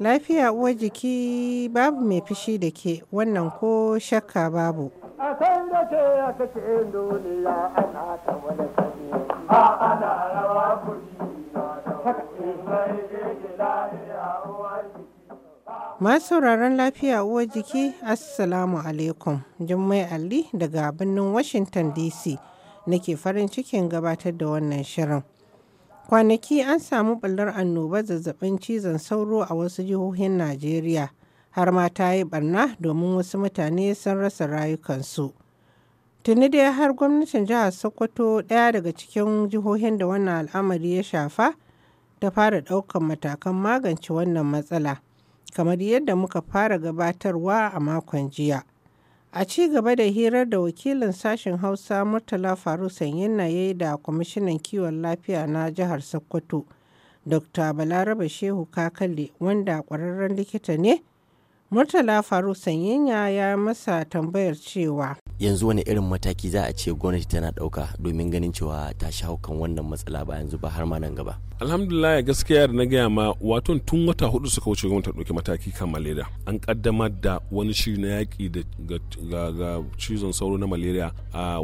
Lafiya uwar jiki babu mai fishi da ke wannan ko shakka babu. Masu sauraron lafiya uwar jiki, Assalamu alaikum. Jummai Ali daga birnin Washington DC. nake farin cikin gabatar da wannan shirin. Kwanaki an samu ɓullar annoba zazzabin cizon sauro a wasu jihohin Najeriya har ma ta yi barna domin wasu mutane sun rasa rayukansu. Tuni dai har gwamnatin jihar Sokoto ɗaya daga cikin jihohin da wannan al'amari ya shafa ta fara ɗaukar matakan magance wannan matsala kamar yadda muka fara gabatarwa a makon jiya. A ci gaba da hirar da wakilin sashen Hausa Murtala Faru Sanyin yayi da kwamishinan kiwon lafiya na jihar Sokoto, Dr. Balaraba Shehu Kakale, wanda ƙwararren likita ne, Murtala Faru Sanyin ya masa tambayar cewa. yanzu wani irin mataki za a ce gwamnati tana ɗauka domin ganin cewa ta shawo kan wannan matsala ba yanzu ba har ma nan gaba alhamdulillah gaskiya da na gaya ma wato tun wata hudu suka wuce gwamnati ta ɗauki mataki kan malaria an kaddamar da wani shiri na yaƙi da cizon sauro na malaria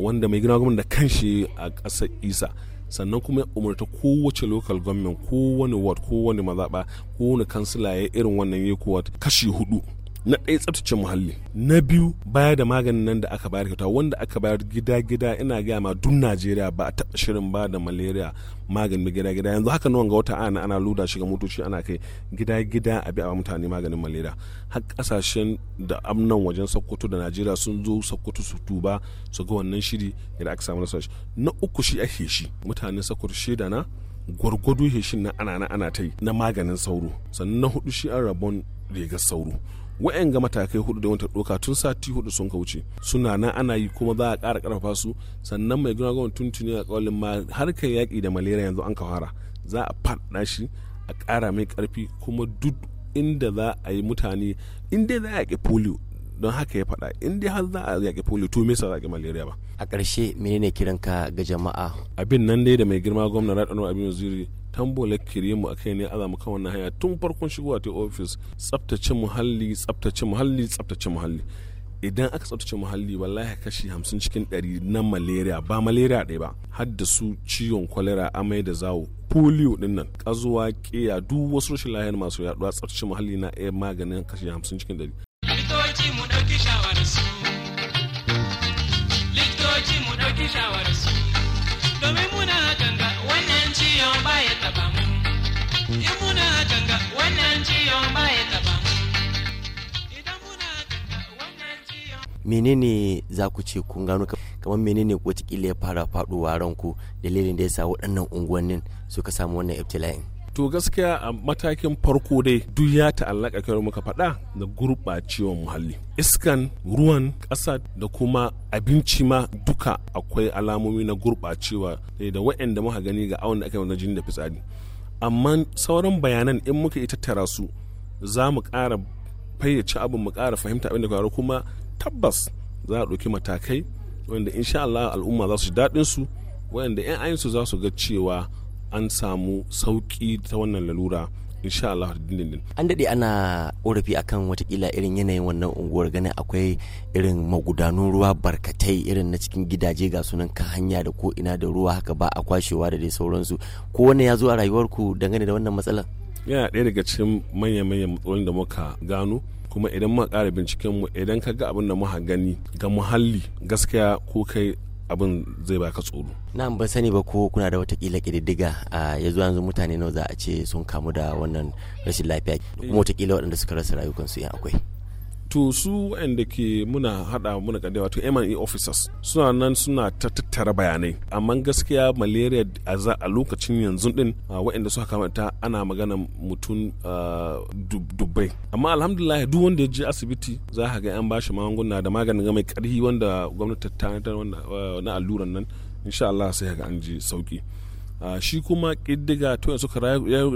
wanda mai gina gwamnati da kanshi a ƙasar isa sannan kuma ya umarta kowace local government kowane ward kowane mazaɓa kowane kansila ya irin wannan yi kashi hudu na ɗaya tsabtace muhalli na biyu baya da maganin nan da aka bayar kyauta wanda aka bayar gida gida ina gaya ma duk najeriya ba a taɓa shirin ba da malaria maganin gida gida yanzu haka nawa ga wata ana ana luda shi ga motoci ana kai gida gida a bi a mutane maganin malaria har ƙasashen da amnan wajen sokoto da najeriya sun zo sokoto su tuba su ga wannan shiri yadda aka samu nasarar na uku shi ake shi mutanen sokoto shaida na gwargwado heshin na ana na ana ta yi na maganin sauro sannan na hudu shi an rabon rigar sauro ga matakai hudu da wata doka tun sati hudu sun kauce suna nan ana yi kuma za a ƙara ƙarfafa su sannan mai gina gwamnati tun tuni a ƙaulin ma harkar yaƙi da malaria yanzu an kawara za a faɗa shi a ƙara mai ƙarfi kuma duk inda za a yi mutane inda za a yaƙi polio don haka ya faɗa inda har za a yaƙi polio to me yasa za a malaria ba a ƙarshe menene kiranka ga jama'a abin nan dai da mai girma gwamna Radwan Abin Waziri tambola kiremu akai ne aza mu kan wannan hanya tun farkon shigowa ta ofis tsaftace muhalli tsaftace muhalli tsaftace muhalli idan aka tsaftace muhalli wallahi kashi hamsin cikin ɗari na malaria ba malaria ɗaya ba har da su ciwon kwalera amai da zawo polio din nan kazuwa ƙeya duk wasu rashin lahiyar masu yaduwa tsaftace muhalli na iya maganin kashi hamsin cikin ɗari. likitoci mu ɗauki shawararsu likitoci mu ɗauki shawararsu domin muna ganga wani ciyon baya menene za ku ce kun gano kamar menene wata ya fara faɗowa ranku dalilin da ya sa waɗannan unguwannin suka samu wannan iftila'in to gaskiya a matakin farko dai duk ya ta'allaka kai muka faɗa da gurɓacewar muhalli iskan ruwan ƙasa da kuma abinci ma duka akwai alamomi na gurɓacewa da waɗanda muka gani ga awon da aka yi jini da fitsari amma sauran bayanan in muka yi tattara su za mu ƙara fayyace abin mu ƙara fahimta abin da faru kuma tabbas za a ɗauki matakai wanda insha Allah al'umma za su ji daɗin su wanda 'yan su za su ga cewa an samu sauki ta wannan lalura insha Allah dindindin an dade ana korafi akan watakila irin yanayin wannan unguwar ganin akwai irin magudanun ruwa barkatai irin na cikin gidaje ga sunan kan hanya da ko ina da ruwa haka ba a kwashewa da dai sauransu ko wannan ya zo a rayuwarku dangane da wannan matsalan. yana ɗaya daga cikin manya-manyan matsalolin da muka gano kuma idan muka ƙara binciken mu idan ka ga abin da muka gani ga muhalli gaskiya ko kai abin zai baka tsoro na ban sani ba ko kuna da watakila kididdiga a ya zuwa yanzu mutane nawa za a ce sun kamu da wannan rashin lafiya kuma watakila waɗanda suka rasa rayukansu in akwai to su wa'anda ke muna hada muna kadai wato M&A e officers suna nan suna ta tattara bayanai amma gaskiya malaria a za a lokacin yanzu din wa'anda suka kamata ana magana mutum dubbai amma alhamdulillah duk wanda ya je asibiti za ka ga an bashi magunguna da maganin ga mai karhi wanda gwamnati ta na alluran nan insha Allah sai ga an ji sauki shi kuma kiddiga to yanzu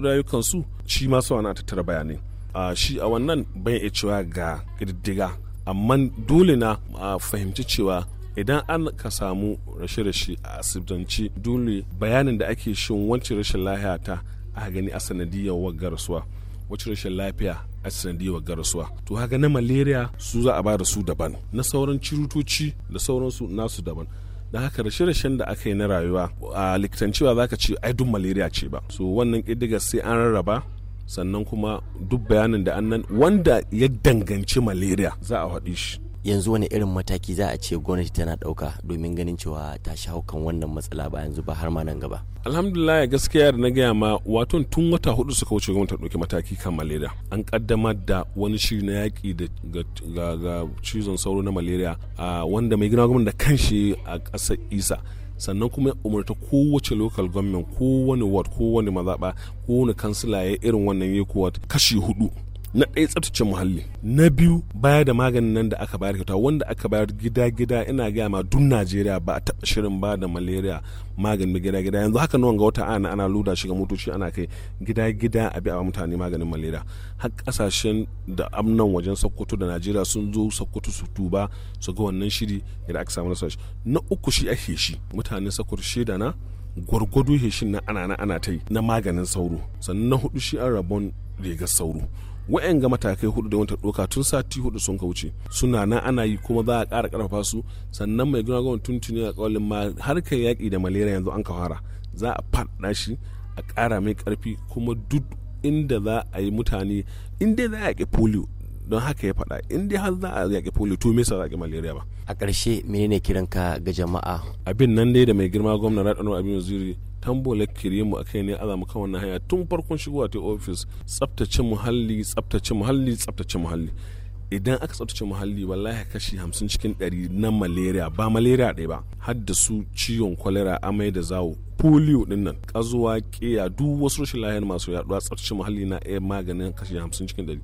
rayukansu shi ma su na tattara bayanai Ah, shi a wannan ban iya cewa ga ƙididdiga amma dole na a ah, fahimci cewa idan an ka samu rashe-rashe a asibitanci dole bayanin da ake shin wancan rashin lafiya ta a gani a sanadiyar wagga rasuwa rashin lafiya a sanadiyar garasuwa to haka na malaria su za a bada su daban na sauran cirutoci da sauransu nasu daban da haka rashe-rashen da aka yi na rayuwa a likitanci ba za ka ce ai duk malaria ce ba so wannan ƙiddiga sai an rarraba sannan kuma duk bayanin da annan wanda ya danganci malaria za a haɗi shi yanzu wani irin mataki za a ce gwamnati tana ɗauka domin ganin cewa ta shawo kan wannan matsala ba yanzu ba har ma nan gaba alhamdulillah gaskiya da na gaya ma wato tun wata hudu suka wuce gwamnati ta ɗauki mataki kan malaria an kaddamar da wani shiri na yaƙi da ga cizon sauro na malaria wanda mai gina gwamnati da kanshi a ƙasar isa sannan kuma ya umarta kowace local government kowane ward kowane mazaɓa kowane kansila ya irin wannan yekuwa kashi hudu na ɗaya tsabtace muhalli na biyu baya da maganin nan da aka bayar kyauta wanda aka bayar gida-gida ina gaya ma duk najeriya ba a taɓa shirin ba da malaria maganin gida-gida yanzu haka nawa ga wata ana ana luda shiga motoci ana kai gida-gida a biya mutane maganin malaria har kasashen da amnan wajen sokoto da najeriya sun zo sokoto su tuba su ga wannan shiri idan aka samu nasarar na uku shi ake shi mutane sokoto shaida na gwargwado heshin na ana na ana ta yi na maganin sauro sannan na hudu shi an rabon rigar sauro wa'yan ga matakai hudu da wata doka tun sati hudu sun kauce suna nan ana yi kuma za a ƙara ƙarfafa su sannan mai gina gwamnati tuni a ƙawalin ma harkar yaƙi da malaria yanzu an kawara za a faɗa shi a ƙara mai ƙarfi kuma duk inda za a yi mutane inda za a yaƙi polio don haka ya faɗa inda har za a yaƙi polio to me yasa za a yaƙi malaria ba a ƙarshe menene kiranka ga jama'a abin nan dai da mai girma gwamna Radwan Abin Zuri tambola kiri mu kai ne azamu kan wannan hanya tun farkon shigowa ta ofis tsaftace muhalli tsaftace muhalli tsaftace muhalli idan aka tsaftace muhalli wallahi kashi hamsin cikin ɗari na malaria ba malaria ɗaya ba har da su ciwon kwalera amai da zawo polio din nan ƙazuwa ƙiya duk wasu rashin lahiyar masu yaduwa tsaftace muhalli na iya maganin kashi hamsin cikin ɗari.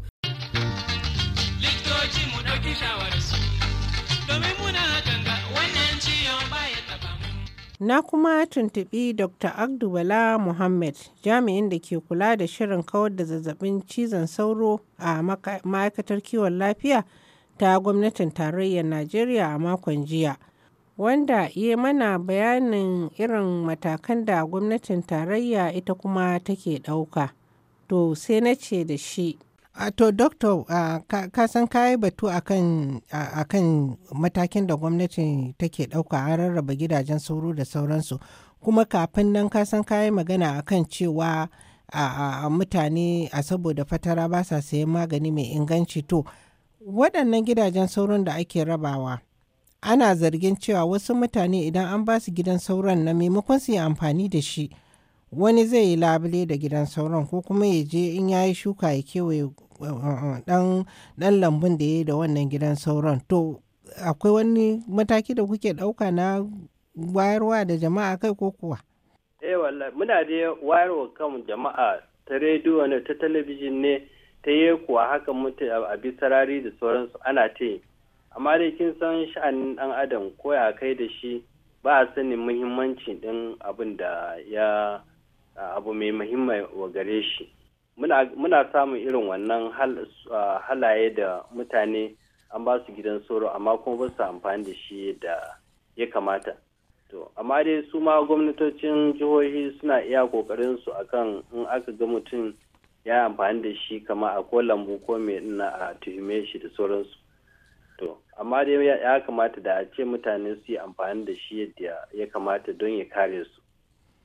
likitoci mu ɗauki shawararsu domin muna ga wannan ciwon baya Na kuma tuntubi Dr. Abdu Bala Muhammad, jami'in da ke kula da shirin kawar da zazzabin cizon sauro a ma'aikatar kiwon lafiya ta gwamnatin tarayyar Najeriya a makon jiya, wanda ya mana bayanin irin matakan da gwamnatin tarayya ita kuma take ɗauka. To sai na ce da shi, A to, Doktor, ka san kayi batu akan kan matakin da gwamnati take ɗauka an rarraba gidajen sauro da sauransu. Kuma kafin nan ka san kayi magana a kan cewa a mutane a saboda fatara ba sa sayan magani mai inganci to. Waɗannan gidajen sauron da ake rabawa, ana zargin cewa wasu mutane idan an ba su gidan sauron na maimakon su yi amfani da shi. Wani zai yi labule da gidan sauran, ko kuma ya je in ya yi shuka ya kewaye Ɗan lambun da ya yi da wannan gidan sauran to akwai wani mataki da kuke ɗauka na wayarwa da jama'a kai ko kuwa? Eh wallahi muna da wayarwa kan jama'a ta rediyo ne ta talabijin ne ta yi kuwa haka mutu a bisarari da sauransu ana ta Amma dai kin san sha'anin ɗan adam ko ya kai da shi ba a sanin muhimmanci ɗin abin da ya abu mai muhimmai wa gare shi. muna samun irin wannan halaye da mutane an ba su gidan sauro amma kuma ba su amfani da shi da ya kamata to amma dai su ma gwamnatocin jihohi suna iya kokarin su akan in aka ga mutum ya amfani da shi kama a ko lambu ko mai ina a tuhume shi da sauransu to amma dai ya kamata da a ce mutane su yi amfani da shi yadda ya kamata don ya kare su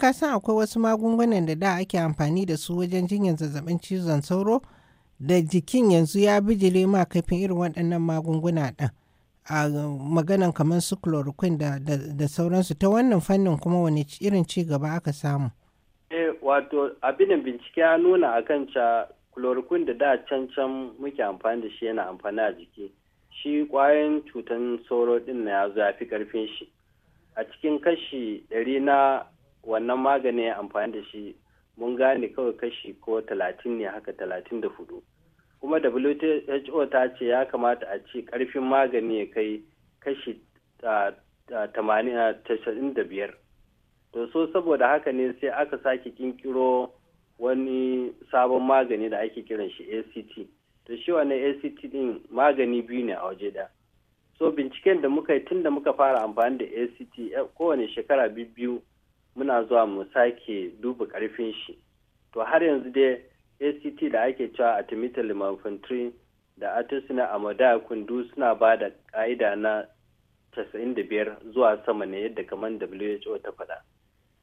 ka san akwai wasu magungunan da da ake amfani da su wajen jinyar zazzabin cizon sauro da jikin yanzu ya bijile ma kafin irin waɗannan magunguna ɗin a maganan kamar su chloroquine da, da, da sauransu ta wannan fannin kuma wani irin ci gaba aka samu eh wato abinin bincike ya nuna a kan ca chloroquine da da cancan can muke amfani da shi yana amfani a jiki shi kwayan cutan sauro din na ya zo ya fi karfin shi a cikin kashi ɗari na wannan maganin ya amfani da shi mun gane kawai kashi ko talatin ne haka talatin da hudu kuma who ta ce ya kamata a ci karfin magani ya kai kashi tasa'in da biyar to so saboda haka ne sai aka sake kinkiro wani sabon magani da ake kiran shi act to shi wannan act din magani biyu ne a waje da so binciken da muka yi tun da muka fara amfani da act eh, kowane shekara biyu muna zuwa mu sake duba karfin shi to har yanzu dai act da ake cewa a timitar lumefantrine da atisina amada kundu suna ba da ka'ida na 95 zuwa sama na yadda kamar who ta faɗa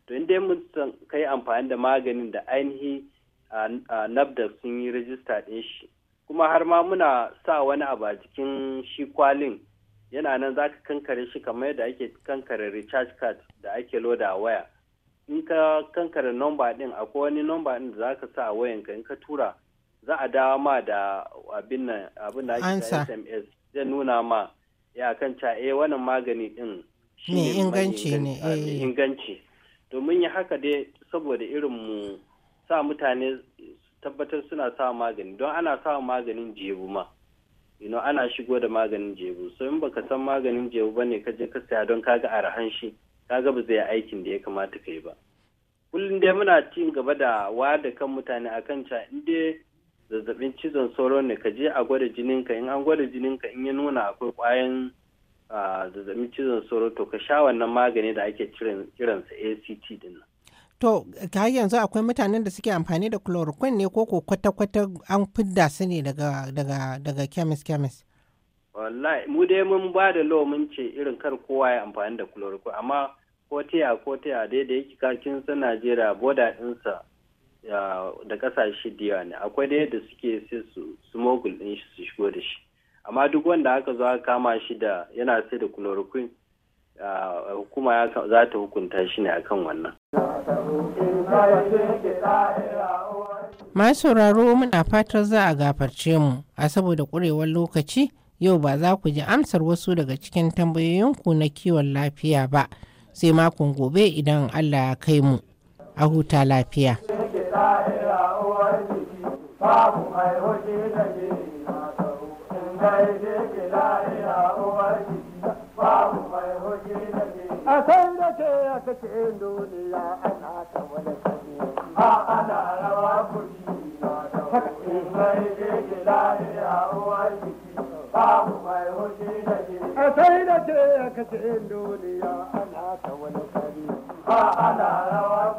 to inda mun kai amfani da maganin da ainihi a nabda sun yi rajista ɗin shi kuma har ma muna sa wani abu a jikin shi kwalin yana nan za ka kankare shi kamar yadda ake kankare recharge card da ake loda a waya in ka kankare nomba din akwai wani nomba din da za ka sa a wayanka in ka tura za a dawo ma da abin nan abin da sms zai nuna ma ya kan ca eh wannan magani din ne inganci ne inganci domin ah, eh. ya haka dai saboda irin mu sa mutane tabbatar suna sa magani don ana sa maganin jebu ma ana shigo da maganin jebu so in baka san maganin jebu bane ka je ka saya don kaga arhan shi kaga ba zai aikin da ya kamata ka yi ba kullum dai muna ci gaba da wa da kan mutane akan ca in dai zazzabin cizon sauro ne ka je a gwada jinin ka in an gwada jinin ka in ya nuna akwai kwayan zazzabin cizon sauro to ka sha wannan magani da ake kiransa act din nan To, ka yanzu akwai mutanen da suke amfani da chloroquine ne ko kwata-kwata an fidda su ne daga daga daga chemist chemist. Wallahi mu dai mun ba da law mun ce irin kar kowa ya amfani da chloroquine amma ko tiya ko dai da yake kakin su najeriya boda ɗinsa da ƙasashe diya ne akwai dai da suke sai su smogul ɗin shi su shigo da shi amma duk wanda aka zo aka kama shi da yana sai da chloroquine hukuma za ta hukunta shi ne akan wannan. Masu sauraro muna fatar za a gafarce mu a saboda kurewar lokaci yau ba za ku ji amsar wasu daga cikin tambayoyinku na kiwon lafiya ba sai makon gobe idan Allah ya kai mu a huta lafiya. A san ce ka ce duniya ana ta wani kari ana